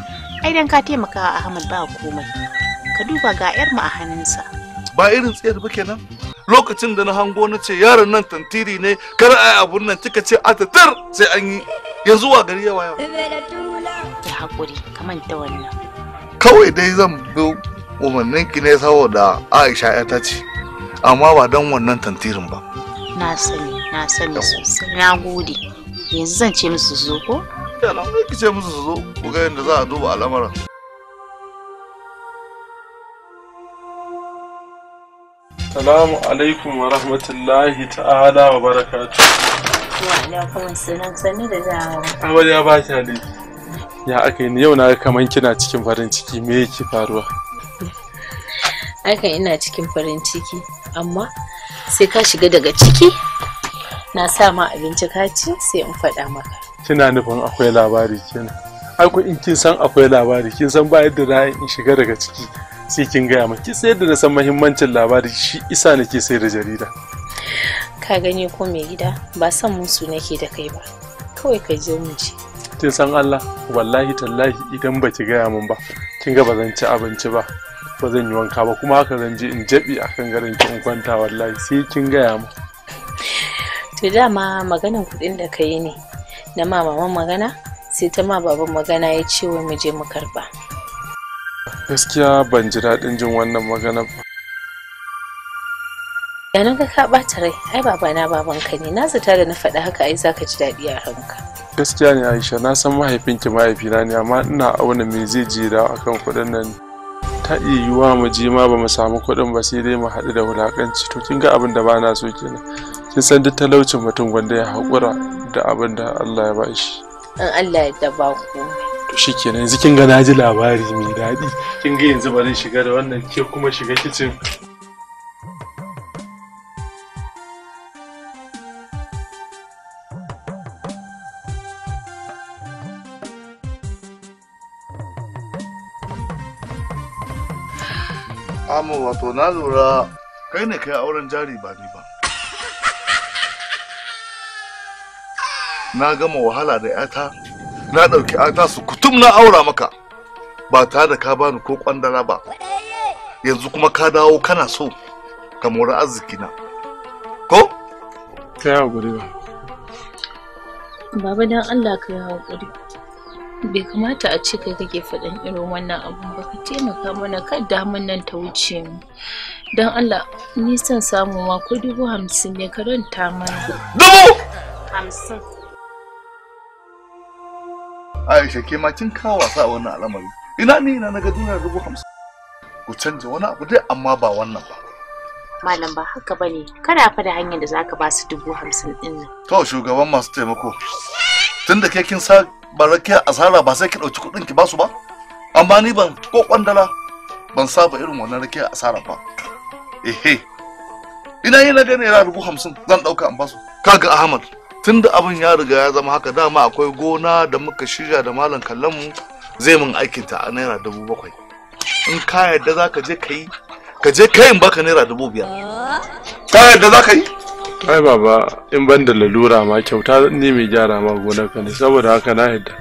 ai dan ka taimaka wa Ahmad ba komai ka duba ga yar mu a hannunsa ba irin tsayar ba kenan lokacin da na hango na ce yaron nan tantiri ne kar ai abun nan kika ce atatar sai an yi yanzu wa gari yawa yawa hakuri kamar ta wannan kawai dai zan bi umarnin ki ne saboda aisha ya ta ce amma ba don wannan tantirin ba na sani na sani sosai na gode yanzu zan ce musu zo ko yana mai kice musu zo ku ga yadda za a duba al'amarin Salamu alaikum wa rahmatullahi ta'ala wa barakatu. Wa alaikum salam sani da wa. Amarya ba ki halitta. ya aka yi yau na kamar kina cikin farin ciki me yake faruwa aka ina cikin farin ciki amma sai ka shiga daga ciki na sa ma abinci ka ci sai in faɗa maka kina nufin akwai labari kina ai in kin san akwai labari kin san ba yadda za in shiga daga ciki sai kin gaya ma? ki sayar da na san muhimmancin labari shi isa nake sai da jarida ka gani ko mai gida ba san musu nake da kai ba kawai ka je mu ci kin san Allah wallahi tallahi idan baki gaya min ba kin ga ba zan ci abinci ba ba zan yi wanka ba kuma haka zan je in jabi akan garin ki in kwanta wallahi sai kin gaya min to dama maganan kuɗin da ka ne na ma maman magana sai ta ma baban magana ya ce wai mu je mu karba gaskiya ban ji daɗin jin wannan magana ba yanan ka ka ɓata rai ai babana babanka ne na zata da na faɗa haka ai zaka ji daɗi a hankali gaskiya ne aisha na san mahaifinki mahaifina ne amma ina auna me zai je da kan kuɗin nan ta iya yiwuwa mu je ma ba mu samu kuɗin ba sai dai mu haɗu da wulaƙanci to kin ga abin da ba na so kenan kin san duk talaucin mutum gwanda ya haƙura da abin da Allah ya ba shi in Allah ya daba ku to shikenan yanzu kin ga na ji labari mai daɗi kin ga yanzu barin shiga da wannan ke kuma shiga kicin amo wato na lura kai ne kai auren jari ba ni ba. Na gama wahala da yata, na ɗauki yata su kutum na aura maka ba tare da ka bani ko kwandara ba. Yanzu kuma ka dawo kana so ka mori arziki na. Ko? Ka yi haƙuri ba. Baba dan Allah ka yi haƙuri. bai kamata a ce kai kake faɗin irin wannan abu ba ka taimaka mana kan damun nan ta wuce mu don allah ni son samu ma ko dubu hamsin ne ka ranta mana dubu hamsin aisha ke ma kin kawo wasa a wannan al'amari ina ni ina naga dubu hamsin ku canza wani abu dai amma ba wannan ba malam ba haka bane kada fa da hanyar da zaka ba su dubu hamsin din nan to shugaban masu taimako tunda kai kin sa barakiya asara ba sai ki ɗauki kuɗin ki basu ba amma ni ban ko kwandala ban saba irin wannan rakiya asara ba ehe ina yi na yana dubu hamsin zan ɗauka in basu kaga ahmad tunda abin ya riga ya zama haka dama akwai gona da muka shirya da malam kallon mu zai min aikin ta a naira dubu bakwai in ka yadda za ka je ka yi ka je kayin baka naira dubu biyar ka yadda za ka yi ai baba in ban da lalura ma kyauta ni mai gyara ma gonarka ne saboda haka na yadda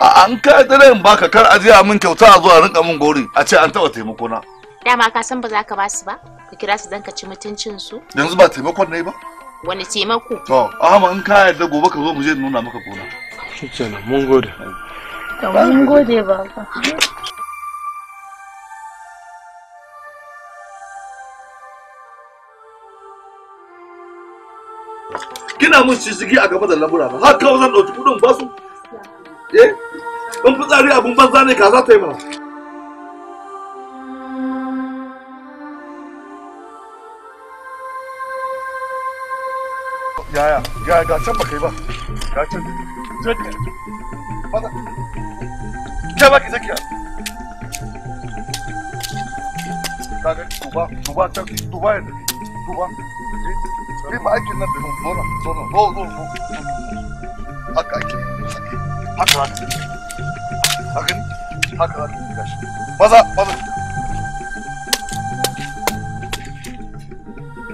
a an kai dare in baka kar a jiya min kyauta a zuwa rinka min gori a ce an taba taimako na dama ka san ba za ka basu ba ka kira su dan ka ci mutuncin su yanzu ba taimakon ne ba wani taimako to ahma in ka yadda gobe ka zo mu je nuna maka gona kenan mun gode mun gode baba kina mun shishigi a gaba da lamura ba har kawai zan ɗauki kuɗin ba su eh in fitsari abun banza ne ka za ta yi mana yaya ga ga can ba kai ba ga can ki zaki ya ka ga duba duba ta duba yadda duba ni ba aikin nan da zo nan zo nan zo zo haka ake haka haka maza maza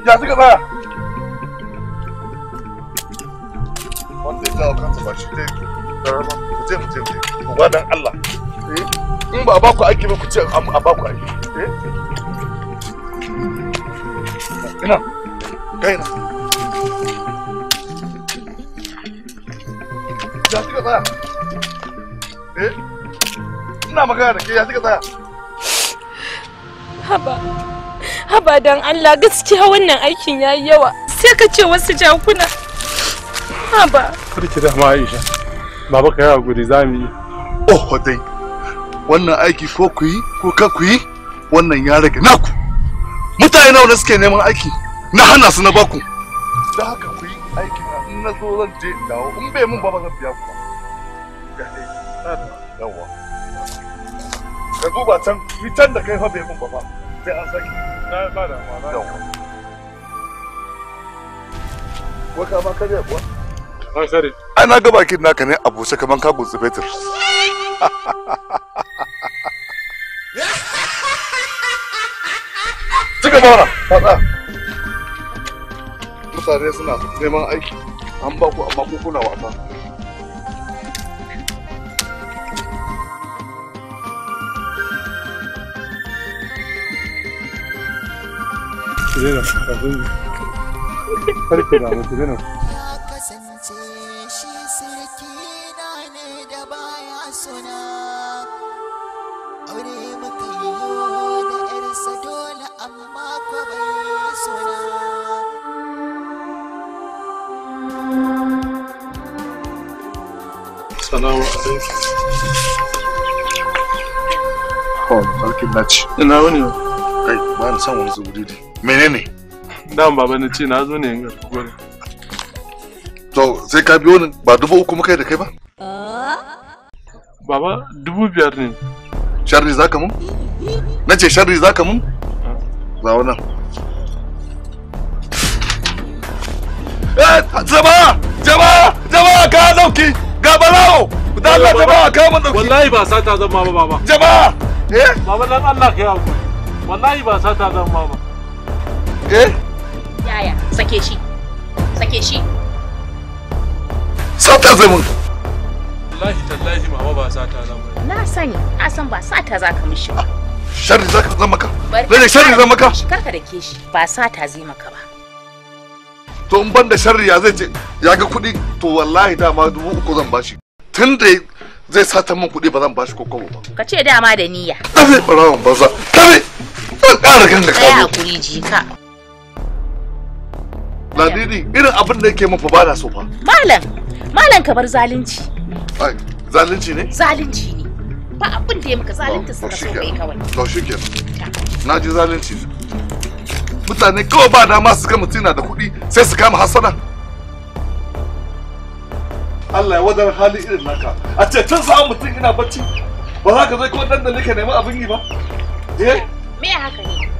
ya suka tsaya wanda ya jawo kansa ba shi dai Allah eh, in ba a baku aiki ba ku ce a baku aiki kaina ya suka tsaya eh ina magana da ke ya suka tsaya haba haba dan allah gaskiya wannan aikin ya yawa sai ka ce wasu jakuna haba karki da ma aisha baba kai ga hakuri za mu yi oh dai wannan aiki ko ku yi ko ka ku yi wannan ya rage naku mutane nawa ne suke neman aiki na hana su na baku da haka ku yi aiki na in na zo zan je in dawo in bai mun ba ba zan biya ku ba yawa ka duba can fitan da kai fa bai mun ba ba sai an saki na ba da ma na yawa ko ka ba ka je kuwa Ai sare ai na ga bakin naka ne a bushe kaman ka gutsu fetur Cika bara, fata. mutane suna neman aiki an ba ku amma kuna wasa Kirena, abin karfe da mutu zumurin na ci. Ina wani ba? Kai, ba na san wani zumuridi. Menene? Dan baba na ce na zo ne yin gwada. To, sai ka biyo ni ba dubu uku muka yi da kai ba? Baba, dubu biyar ne. Sharri za ka mun? Na ce sharri za ka mun? Za ah. wannan. Eh, jama'a! Jama'a! ka dauki! Ga balawo! Da Allah ka mun dauki! Wallahi ba sata zan ma ba baba. eh baba dan Allah ka yawo wallahi ba sata zan ma ba eh yaya sake shi sake shi sata zai mun wallahi tallahi mama ba sata zan mun na sani asan san ba sata ka mishi ba sharri zaka zan maka dai sharri zan maka karka da ke shi ba sata zai maka ba to in ban da sharri ya zai ce ya ga kuɗi to wallahi dama dubu uku zan bashi tun da zai sata min kuɗi ba zan bashi ko kobo ba ka ce dama da niyya tabe barawan banza tabe zan ƙara kan da kano hakuri jika ladidi irin abin da yake mafa ba da so fa malam malam kamar zalunci zalunci ne zalunci ne ba abin da ya maka zalunta suka so kai kawai to shikenan na ji zalunci mutane kawai ba dama su ga mutum na da kuɗi sai su kama hasada Allah ya wadar hali irin naka a ce tun sa'a mutum ina bacci ba za ka zai ko dan da nika neman abin yi ba eh me haka ne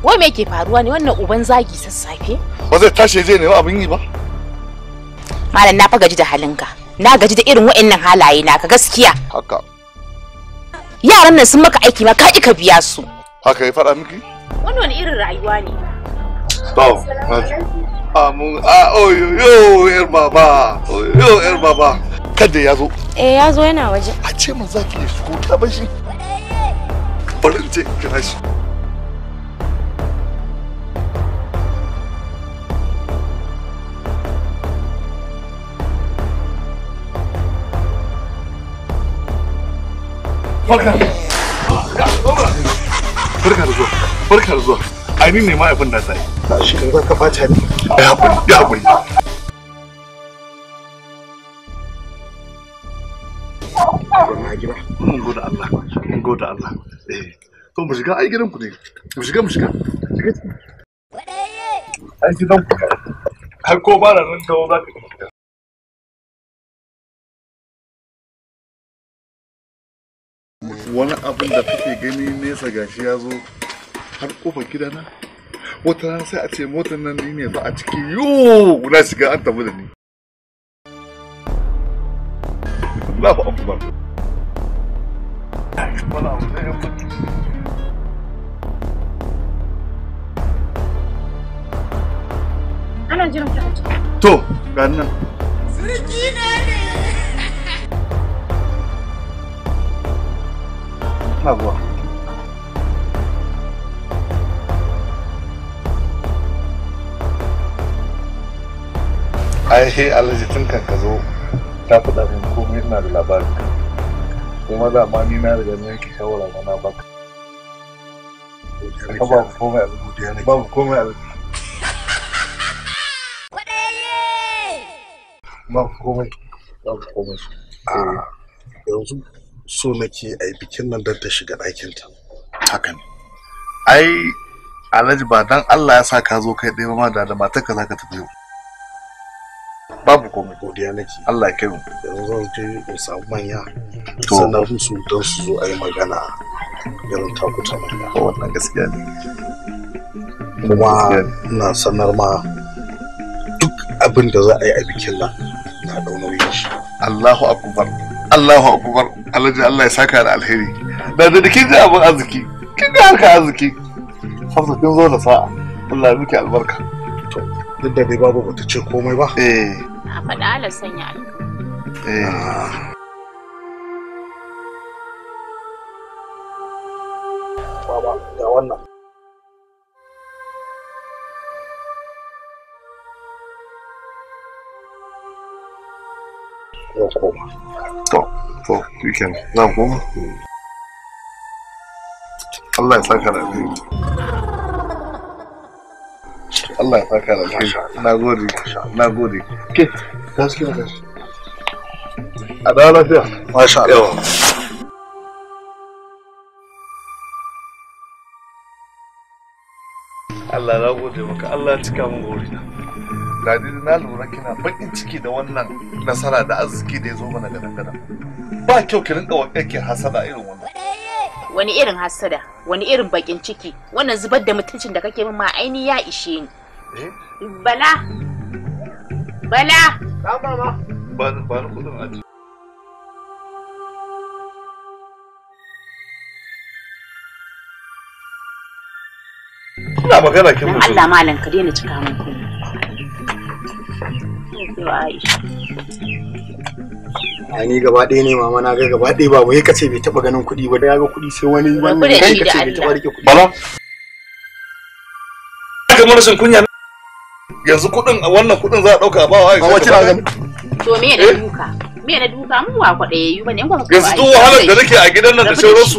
wai me ke faruwa ne wannan uban zagi sassafe ba zai tashi zai nemi abin yi ba malam na fa gaji da halinka na gaji da irin wa'annan halaye naka gaskiya haka yaran nan sun maka aiki ma ka ka biya su haka ya faɗa miki wannan irin rayuwa ne To, amun ah, ah, a oyoyo yar baba, oyoyo yar baba. Kada ya zo. Eh ya zo yana waje. A ce mun za ki shigo ta shi. Bari kira shi. Barka. Barka da zuwa. Barka da zuwa. ai ni ne ma abin da sai shi kan ka fata ne ya hakuri ya hakuri mun gode Allah mun gode Allah eh, to mu shiga ai gidan ku ne mu shiga mu shiga ai gidan ku har ko ba za ka wani abin da kake gani nesa gashi ya zo har kofar gidana wata rana sai a ce motar nan ni ne ba a ciki yo na shiga an tabu da ni Allahu akbar Ana jiran ka To, ga nan. Sirki na ne. Abuwa. ai alhaji tun kan ka zo ta faɗa min komai ina da labarin ka kuma da ma ni na riga na yanke shawara ma na baka babu komai a babu komai a babu komai babu komai ah, yanzu so nake a bikin nan don ta shiga ɗakinta haka ne ai alhaji ba dan allah ya sa ka zo kai ɗaya ma da da matarka za ka tafi yau babu komai godiya nake Allah ya kai mu yanzu zan je in samu manya sannan su don su zo a yi magana irin takuta manya wannan gaskiya ne kuma ina sanar ma duk abin da za a yi a bikin nan na dau nauyin shi Allahu akbar Allahu akbar Alhaji Allah ya saka da alheri da da kin ji abin arziki kin ga harka arziki sabta kin zo da sa'a Allah ya miki albarka duk da dai babu bata ce komai ba eh na faɗa ala sanya eh. baba ga wannan zan koma to to weekend n'a koma Allah ya saka da alheri Allah ya saka da alheri na gode na gode ke gaskiya gaskiya a dawo lafiya masha Allah Allah na gode maka Allah ya cika min na. Ladi na lura kina bakin ciki da wannan nasara da arziki da ya zo mana gadan gadan ba kyau ki rinka wa kake hasada irin wannan wani irin hasada wani irin bakin ciki wannan zubar da mutuncin da kake min ma aini ya ishe ni Eh? Bala! Bala! Ba mama! Ba ni kudin a Ina magana kin mutum. Allah malam ka daina cika mun kuma. a ni gaba ɗaya ne mama na ga gaba ɗaya ba wai kace bai taba ganin kuɗi ba da ga kuɗi sai wani wannan kai kace bai taba rike kuɗi bala ga san kunya yanzu kuɗin wannan kuɗin za a ɗauka a bawa aisha ta bada to me eh? ne duka me da duka mu wa yayu bane in ba ka yanzu duk wahalar da nake a gidan nan da sauransu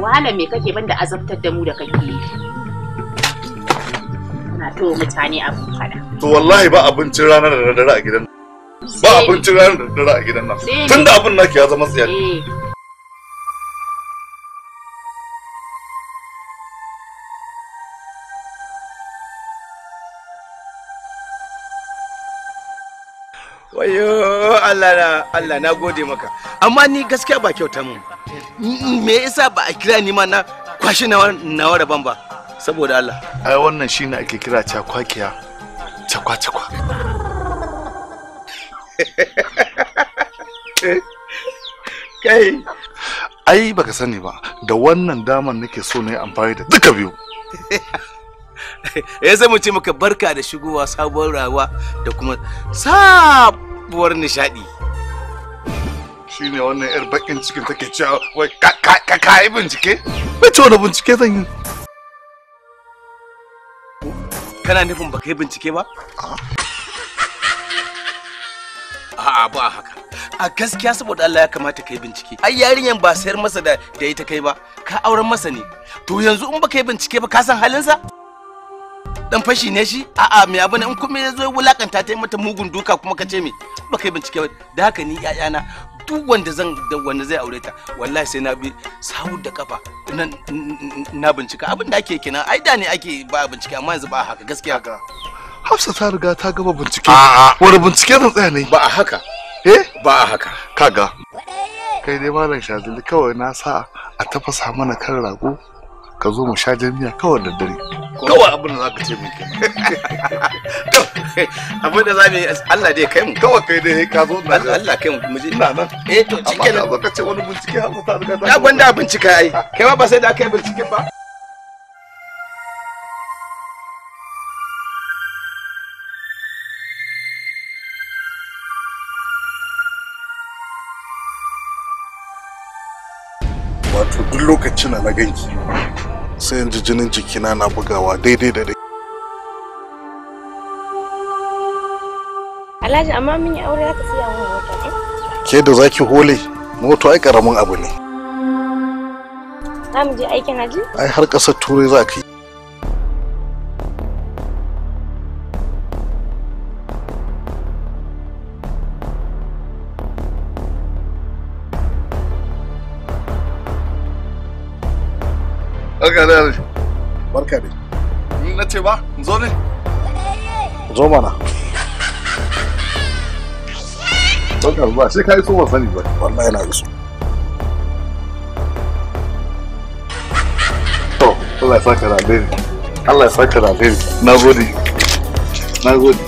wahalar me kake banda azabtar da mu da kake yi kana to mutane abu kada to wallahi ba abincin ranar da dare a gidan ba abincin ranar da dare a gidan nan tunda abin nake ya zama tsayar eh. Allah na Allah na gode maka amma ni gaskiya ba kyauta mun me yasa ba a kira ni ma na kwashi na nawa ban ba saboda Allah ai wannan shine ake kira cha cakwa cakwa kai ai baka sani ba da wannan damar nake so ne yi amfani da duka biyu ya zama ce maka barka da shigowa sabon rayuwa da kuma sab sabuwar nishadi Shi ne wannan 'yar bakin cikin take cewa wai ka yi bincike? Bace wani bincike zan yi. Kana nufin ba ka yi bincike ba? A'a ba haka. A gaskiya saboda Allah ya kamata ka yi bincike. Ai yarinyan ba sayar masa da ita kai ba, ka auren masa ne. To yanzu in ba ka yi bincike ba ka san halin sa. dan fashi ne shi a'a me abu ne in kuma yazo ya wulakanta ta yi mata mugun duka kuma ka ce me ba kai bincike ba da haka ni ƴaƴana duk wanda zan da wanda zai aure ta wallahi sai na bi sawu da kafa na na bincika abin da ake kenan ai da ne ake ba bincike amma yanzu ba haka gaskiya ga Hafsa ta riga ta gama bincike wani bincike zan tsaya ne ba a haka eh ba a haka kaga kai dai malam shazili kawai na sa a tafasa mana kan rago ka zo mu sha jami'a kawai da dare kawai abin da za ka ce mu ke to abin da za mu yi Allah dai kai mu kawai kai dai ka zo na Allah kai mu je ina nan eh to cike nan ka ce wani bincike har ta riga ta ya gwanda bincike ai kai ma ba sai da kai bincike ba wato duk lokacin na ganki sai yanzu jinin jikina na bugawa daidai da dai. Alhaji amma mun yi aure aka siya wani wata eh? Ke da zaki hole moto ai karamin abu ne. Za mu je aikin haji? Ai har ƙasar Turai za ka yi. Barka da yare. Barka da Ni na ce ba, zo ne. Zo mana. Barka ba, sai ka yi so ba sani ba. Wallahi na iso. To, Allah ya saka da alheri. Allah ya saka da alheri. Na gode. Na gode.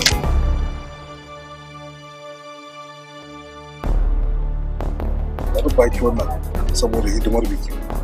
ba ki wannan saboda hidimar biki.